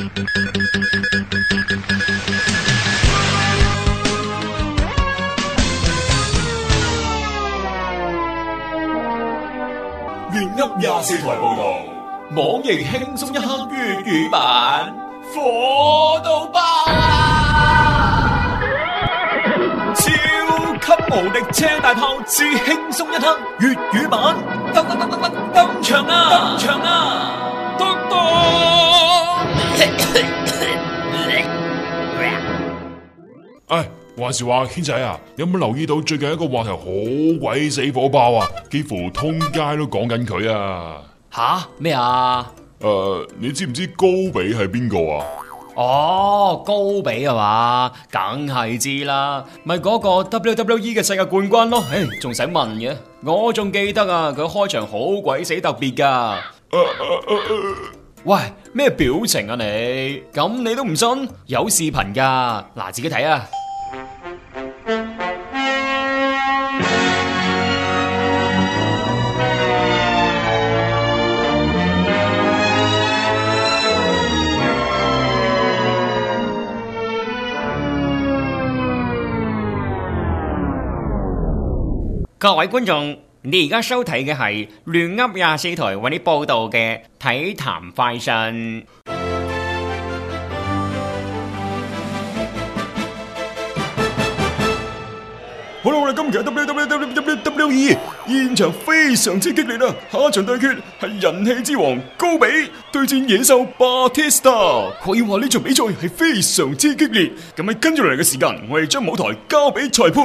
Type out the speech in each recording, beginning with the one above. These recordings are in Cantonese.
粵音廿四台報道，網易輕鬆一刻粵語版，火到爆！超級無敵車大炮，至輕鬆一刻粵語版，登登登登登登場啊！登場啊！登登。哎，話時話，軒仔啊，有冇留意到最近一個話題好鬼死火爆啊？幾乎通街都講緊佢啊！吓咩啊？誒、呃，你知唔知高比係邊個啊？哦，高比係嘛？梗係知啦，咪嗰個 WWE 嘅世界冠軍咯。唉、哎，仲使問嘅？我仲記得啊，佢開場好鬼死特別噶。啊啊啊啊、喂，咩表情啊你？咁你都唔信？有視頻噶，嗱，自己睇啊！各位觀眾，你而家收睇嘅係聯握廿四台為你報道嘅體壇快訊。好啦，我哋今期 WWWWWE 現場非常之激烈啦，下一場對決係人氣之王高比對戰野獸巴蒂斯塔。可以話呢場比賽係非常之激烈。咁啊，跟住嚟嘅時間，我哋將舞台交俾裁判。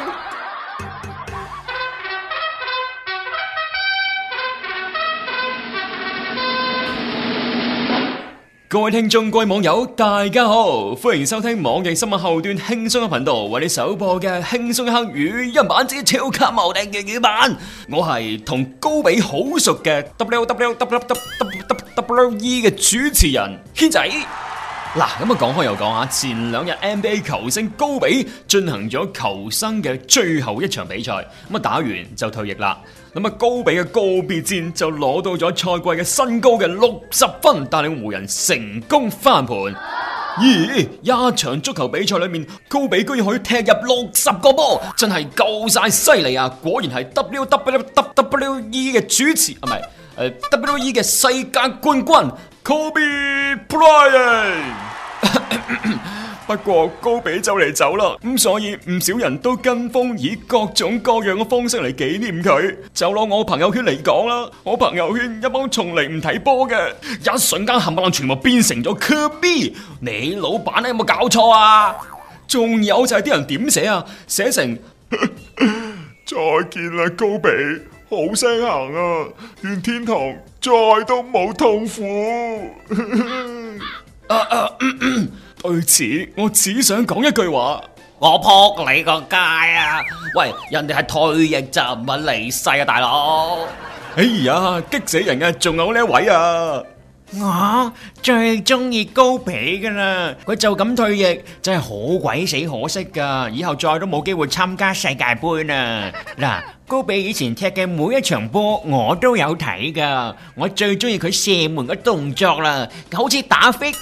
各位聽眾、各位網友，大家好，歡迎收聽網易新聞後段輕鬆嘅頻道，為你首播嘅輕鬆一刻粵語版之超級無敵嘅粵語版，我係同高比好熟嘅 W W W W W E 嘅主持人軒仔。嗱，咁啊講開又講下。前兩日 NBA 球星高比進行咗求生嘅最後一場比賽，咁啊打完就退役啦。咁啊，高比嘅告別戰就攞到咗賽季嘅新高嘅六十分，帶領湖人成功翻盤。咦，一場足球比賽裏面，高比居然可以踢入六十個波，真係夠晒犀利啊！果然係 W W W E 嘅主持，係咪？誒 W E 嘅世界冠軍 Kobe Bryant。不過高比就嚟走啦，咁所以唔少人都跟風以各種各樣嘅方式嚟紀念佢，就攞我朋友圈嚟講啦。我朋友圈一幫從嚟唔睇波嘅，一瞬間冚唪唥全部變成咗科比。你老闆有冇搞錯啊？仲有就係啲人點寫啊？寫成再見啦，高比，好聲行啊，願天堂再都冇痛苦。對此，我只想講一句話：我撲你個街啊！喂，人哋係退役就唔係離世啊，大佬！哎呀，激死人啊！仲有呢位啊！我、啊、最中意高比噶啦，佢就咁退役，真係好鬼死可惜噶，以後再都冇機會參加世界盃啦！嗱， 高比以前踢嘅每一場波，我都有睇噶，我最中意佢射門嘅動作啦，好似打飛機。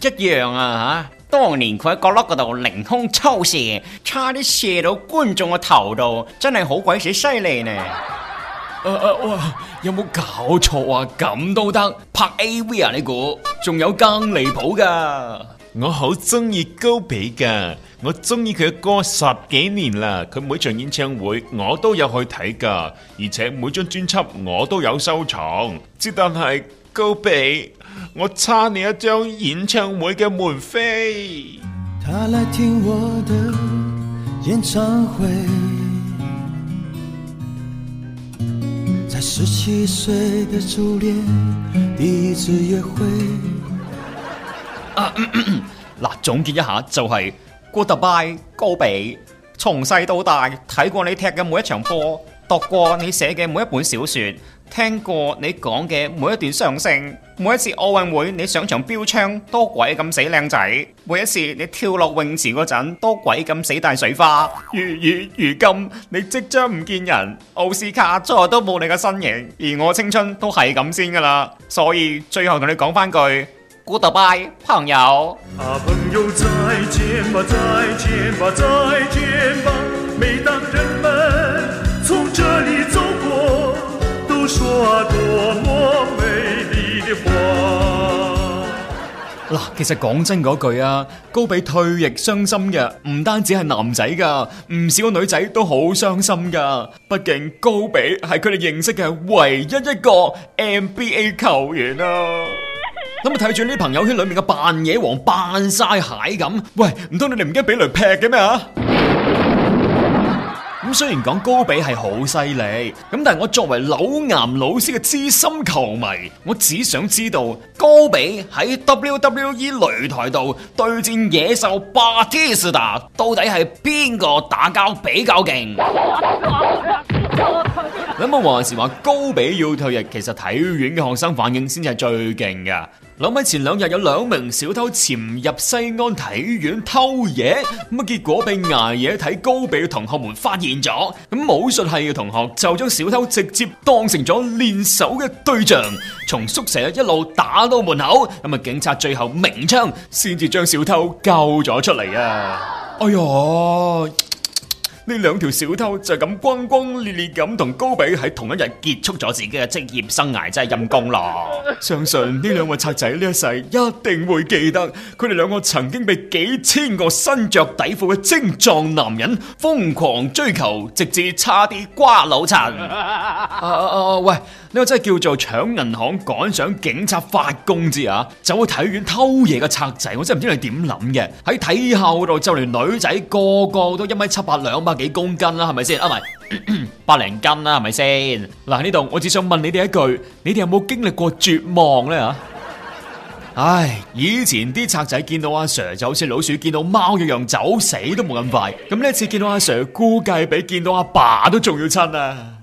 一樣啊吓！當年佢喺角落嗰度凌空抽射，差啲射到觀眾嘅頭度，真係好鬼死犀利呢！啊啊哇！有冇搞錯啊？咁都得拍 AV 啊，你估？仲有更離譜噶！我好中意高比噶，我中意佢嘅歌十幾年啦，佢每場演唱會我都有去睇噶，而且每張專輯我都有收藏。只但係高比。我差你一張演唱會嘅門飛。他來聽我的演唱會。在十七歲的初戀，第一次約會。嗱、 啊，總結一下就係 Goodbye 高比，從細到大睇過你踢嘅每一場波，讀過你寫嘅每一本小說。聽過你講嘅每一段相聲，每一次奧運會你上場標槍多鬼咁死靚仔，每一次你跳落泳池嗰陣多鬼咁死大水花。如如如今你即將唔見人，奧斯卡再都冇你嘅身影，而我青春都係咁先噶啦。所以最後同你講翻句，goodbye 朋友。朋友，再見吧，再見吧，再見吧，每當人們從這裡走說多麼美麗嘅話。嗱，其實講真嗰句啊，高比退役傷心嘅，唔單止係男仔噶，唔少女仔都好傷心噶。畢竟高比係佢哋認識嘅唯一一個 NBA 球員啊。咁啊睇住呢朋友圈裏面嘅扮野王、扮晒蟹咁，喂，唔通你哋唔驚俾雷劈嘅咩啊？咁雖然講高比係好犀利，咁但係我作為柳岩老師嘅資深球迷，我只想知道高比喺 WWE 擂台度對戰野獸巴蒂斯塔，到底係邊個打交比較勁？ 咁啊，話時話高比要退役，其實體院嘅學生反應先至係最勁噶。諗起前兩日有兩名小偷潛入西安體院偷嘢，咁啊結果被挨夜睇高比嘅同學們發現咗，咁武術系嘅同學就將小偷直接當成咗練手嘅對象，從宿舍一路打到門口，咁啊警察最後鳴槍，先至將小偷救咗出嚟啊！哎喲～呢兩條小偷就咁轟轟烈烈咁同高比喺同一日結束咗自己嘅職業生涯，真係陰功啦！ 相信呢兩位賊仔呢一世一定會記得，佢哋兩個曾經被幾千個身着底褲嘅精壯男人瘋狂追求，直至差啲瓜老襯。啊啊啊！喂。呢個真係叫做搶銀行趕上警察發工資啊！走去體院偷嘢嘅賊仔，我真係唔知你點諗嘅。喺體校度就連女仔個，個個都一米七八兩百幾公斤啦，係咪先？啊咪百零斤啦，係咪先？嗱，呢度我只想問你哋一句：你哋有冇經歷過絕望咧？吓，唉，以前啲賊仔見到阿 Sir 就好似老鼠見到貓一樣，走死都冇咁快。咁呢次見到阿 Sir，估計比見到阿爸都仲要親啊！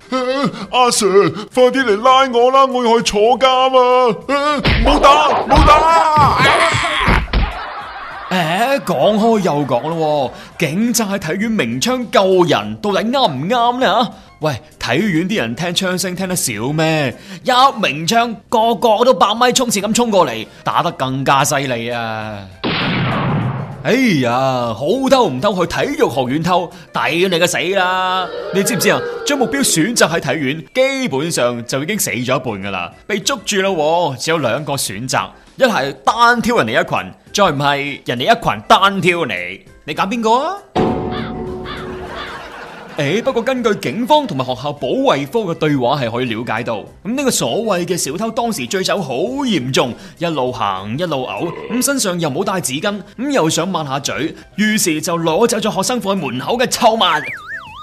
阿、啊、Sir，快啲嚟拉我啦！我要去坐監啊！唔好打，唔好打！誒、啊，講開、哎、又講咯，警察喺體院鳴槍救人，到底啱唔啱呢？喂，體院啲人聽槍聲聽得少咩？一鳴槍，槍個、個個都百米衝刺咁衝過嚟，打得更加犀利啊！哎呀，好偷唔偷去體育學院偷，抵你個死啦！你知唔知啊？將目標選擇喺體院，基本上就已經死咗一半噶啦，被捉住咯！只有兩個選擇，一係單挑人哋一群，再唔係人哋一群單挑你。你揀邊個啊？誒、欸，不過根據警方同埋學校保衛科嘅對話係可以了解到，咁、這、呢個所謂嘅小偷當時醉酒好嚴重，一路行一路嘔，咁身上又冇帶紙巾，咁又想抹下嘴，於是就攞走咗學生喺門口嘅臭襪。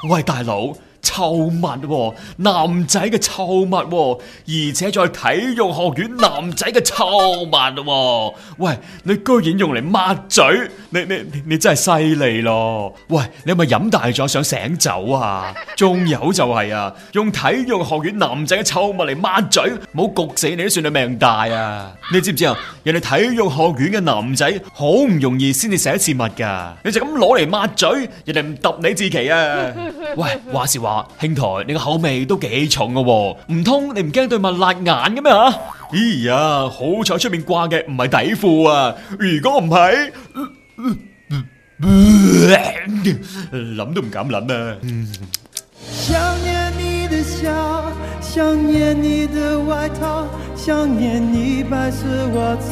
喂，大佬！臭襪喎、哦，男仔嘅臭襪喎、哦，而且在體育學院男仔嘅臭襪喎、哦。喂，你居然用嚟抹嘴，你你你，你真係犀利咯！喂，你係咪飲大咗想醒酒啊？仲有就係、是、啊，用體育學院男仔嘅臭襪嚟抹嘴，冇焗死你都算你命大啊！你知唔知啊？人哋體育學院嘅男仔好唔容易先至寫一次襪㗎，你就咁攞嚟抹嘴，人哋唔揼你自奇啊！ 喂，話時話。兄、啊、台，你個口味都幾重㗎喎、啊，唔通你唔驚對襪辣眼嘅咩吓？哎呀，好彩出面掛嘅唔係底褲啊，如果唔係，諗 都唔敢諗、啊嗯、想念你的笑，想念你的外套，想念你白色襪子，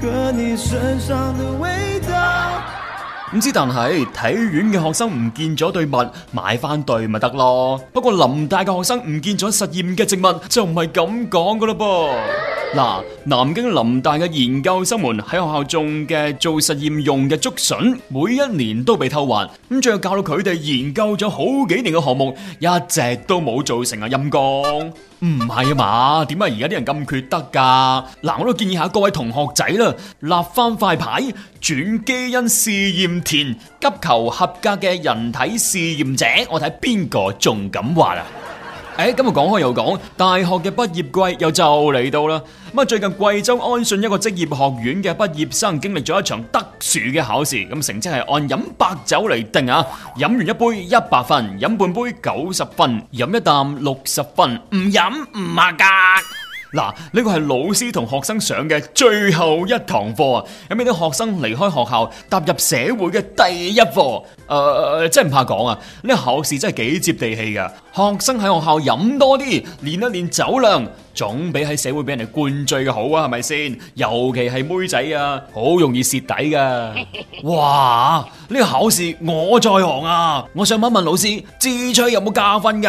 和你身上的味道。唔知，但係體院嘅學生唔見咗對襪，買翻對咪得咯。不過林大嘅學生唔見咗實驗嘅植物，就唔係咁講噶啦噃。嗱，南京林大嘅研究生們喺學校種嘅做實驗用嘅竹筍，每一年都被偷挖，咁仲要教到佢哋研究咗好幾年嘅項目，一直都冇做成啊！陰公，唔係啊嘛？點解而家啲人咁缺德噶？嗱，我都建議下各位同學仔啦，立返塊牌，轉基因試驗田，急求合格嘅人體試驗者，我睇邊個仲敢話啊！誒，今日講開又講，大學嘅畢業季又就嚟到啦。咁啊，最近貴州安順一個職業學院嘅畢業生經歷咗一場特殊嘅考試，咁成績係按飲白酒嚟定啊。飲完一杯一百分，飲半杯九十分，飲一啖六十分，唔飲唔合格。嗱，呢個係老師同學生上嘅最後一堂課啊，有啲學生離開學校踏入社會嘅第一課。誒，真係唔怕講啊，呢個考試真係幾接地氣噶。學生喺學校飲多啲，練一練酒量，總比喺社會俾人哋灌醉嘅好啊，係咪先？尤其係妹仔啊，好容易蝕底噶。哇！呢個考試我在行啊，我想問一問老師，智吹有冇加分噶？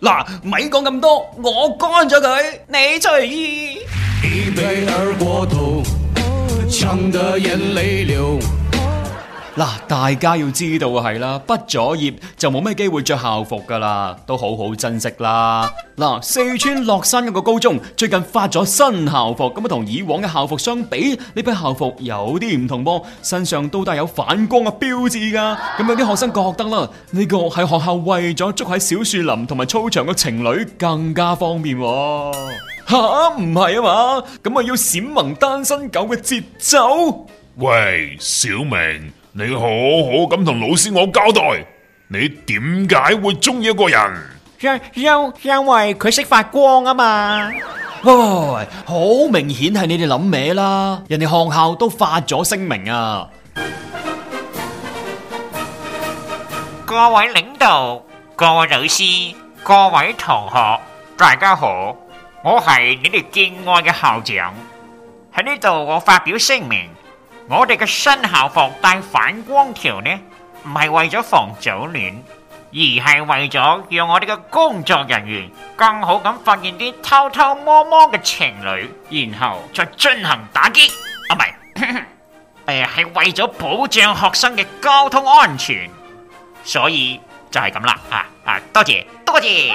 嗱、啊，咪講咁多，我乾咗佢，你吹。 嗱，大家要知道係啦，畢咗業就冇咩機會着校服噶啦，都好好珍惜啦。嗱，四川樂山一個高中最近發咗新校服，咁啊同以往嘅校服相比，呢批校服有啲唔同噃，身上都帶有反光嘅標誌噶。咁有啲學生覺得啦，呢個喺學校為咗捉喺小樹林同埋操場嘅情侶更加方便，啊。吓，啊，唔係啊嘛，咁啊要閃盲單身狗嘅節奏。喂，小明。你好好咁同老師我交代，你點解會中意一個人？因因因為佢識發光啊嘛！哇，好明顯係你哋諗歪啦！人哋學校都發咗聲明啊！各位領導、各位老師、各位同學，大家好，我係你哋敬愛嘅校長，喺呢度我發表聲明。我哋嘅新校服帶反光條呢，唔係為咗防早戀，而係為咗讓我哋嘅工作人員更好咁發現啲偷偷摸摸嘅情侶，然後再進行打擊。啊，唔係，誒，係，呃，為咗保障學生嘅交通安全，所以就係咁啦。啊啊，多謝，多謝。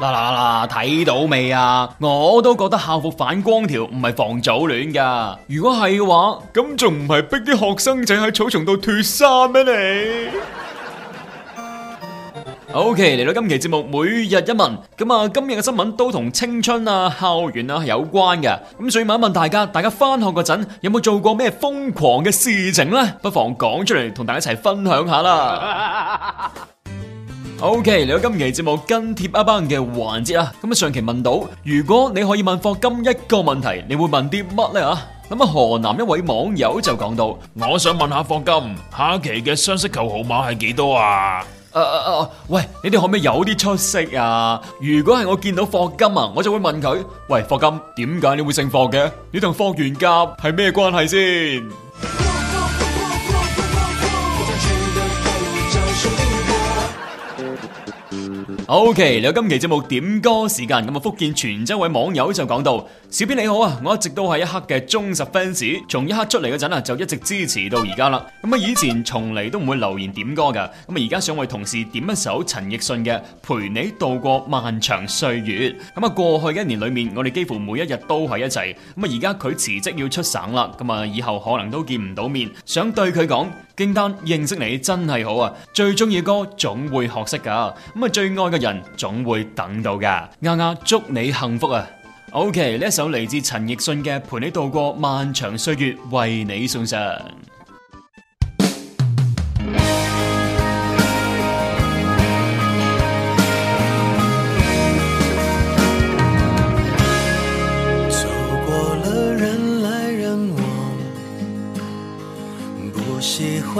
啦啦啦！睇到未啊？我都覺得校服反光條唔係防早戀噶。如果係嘅話，咁仲唔係逼啲學生仔喺草叢度脫衫咩？你 ？OK，嚟到今期節目，每日一問，咁啊今日嘅新聞都同青春啊、校園啊係有關嘅。咁所以問一問大家，大家翻學嗰陣有冇做過咩瘋狂嘅事情呢？不妨講出嚟，同大家一齊分享下啦。 O K，嚟到今期節目跟貼阿班嘅環節啊，咁啊上期問到，如果你可以問霍金一個問題，你會問啲乜咧啊？咁啊河南一位網友就講到，我想問下霍金下期嘅雙色球號碼係幾多啊？啊，啊，啊，喂，你哋可唔可以有啲出息啊？如果係我見到霍金啊，我就會問佢，喂，霍金，點解你會姓霍嘅？你同霍元甲係咩關係先？O.K.，有今期節目點歌時間，咁啊，福建泉州位網友就講到：小編你好啊，我一直都係一刻嘅忠實 fans，從一刻出嚟嗰陣啊，就一直支持到而家啦。咁啊，以前從嚟都唔會留言點歌㗎，咁啊，而家想為同事點一首陳奕迅嘅《陪你度過漫長歲月》。咁啊，過去嘅一年裏面，我哋幾乎每一日都喺一齊。咁啊，而家佢辭職要出省啦，咁啊，以後可能都見唔到面，想對佢講。驚單認識你真係好啊！最中意嘅歌總會學識噶，咁啊，最愛嘅人總會等到噶。啱啱祝你幸福啊！OK，呢一首嚟自陳奕迅嘅《陪你度過漫長歲月》，為你送上。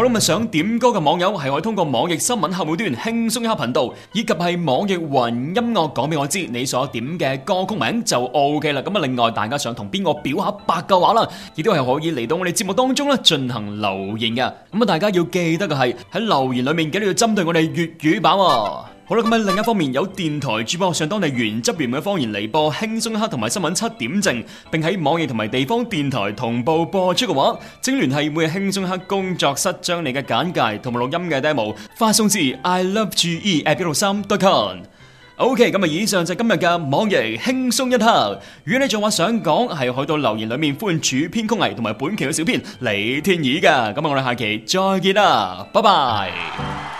我諗咪想點歌嘅網友係可以通過網易新聞客戶端輕鬆一下頻道，以及係網易雲音樂講俾我知你所點嘅歌曲名就 OK 啦。咁啊，另外大家想同邊個表下白嘅話啦，亦都係可以嚟到我哋節目當中咧進行留言嘅。咁啊，大家要記得嘅係喺留言裏面記都要針對我哋粵語版。好啦，咁喺另一方面，有電台主播上當地原汁原味嘅方言嚟播輕鬆一刻同埋新聞七點正，並喺網易同埋地方電台同步播出嘅話，請聯繫每日輕鬆一刻工作室，將你嘅簡介同埋錄音嘅 demo 發送至 i love ge at 163 dot com。OK，咁啊，以上就係今日嘅網易輕鬆一刻。如果你仲話想講，係喺度留言裏面，歡迎主編曲藝同埋本期嘅小編李天意噶。咁啊，我哋下期再見啦，拜拜。